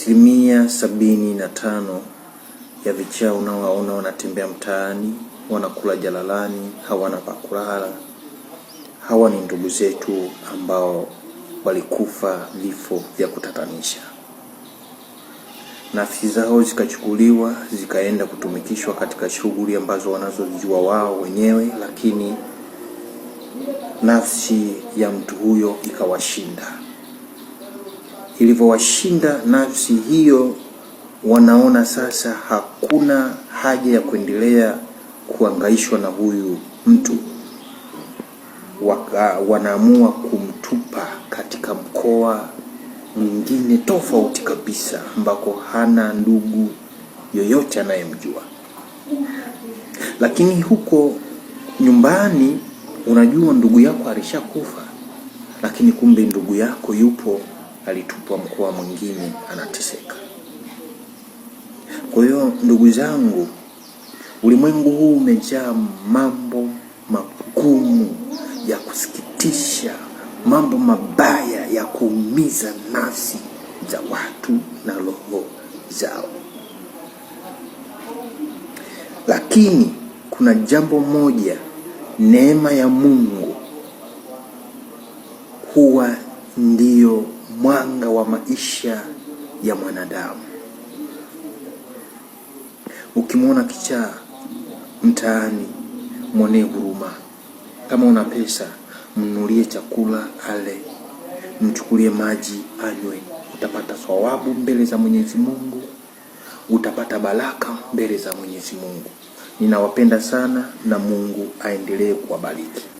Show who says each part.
Speaker 1: asilimia sabini na tano ya vichaa unaowaona wanatembea mtaani, wanakula jalalani, hawana pa kulala, hawa ni ndugu zetu ambao walikufa vifo vya kutatanisha. Nafsi zao zikachukuliwa zikaenda kutumikishwa katika shughuli ambazo wanazojua wao wenyewe, lakini nafsi ya mtu huyo ikawashinda ilivyowashinda nafsi hiyo, wanaona sasa hakuna haja ya kuendelea kuangaishwa na huyu mtu waka, wanaamua kumtupa katika mkoa mwingine tofauti kabisa ambako hana ndugu yoyote anayemjua. Lakini huko nyumbani, unajua ndugu yako alishakufa, lakini kumbe ndugu yako yupo alitupwa mkoa mwingine, anateseka. Kwa hiyo ndugu zangu, ulimwengu huu umejaa mambo magumu ya kusikitisha, mambo mabaya ya kuumiza nafsi za watu na roho zao, lakini kuna jambo moja, neema ya Mungu huwa ndiyo mwanga wa maisha ya mwanadamu. Ukimwona kichaa mtaani, mwonee huruma. Kama una pesa, mnunulie chakula ale, mchukulie maji anywe. Utapata thawabu mbele za Mwenyezi Mungu, utapata baraka mbele za Mwenyezi Mungu. Ninawapenda sana na Mungu aendelee kuwabariki.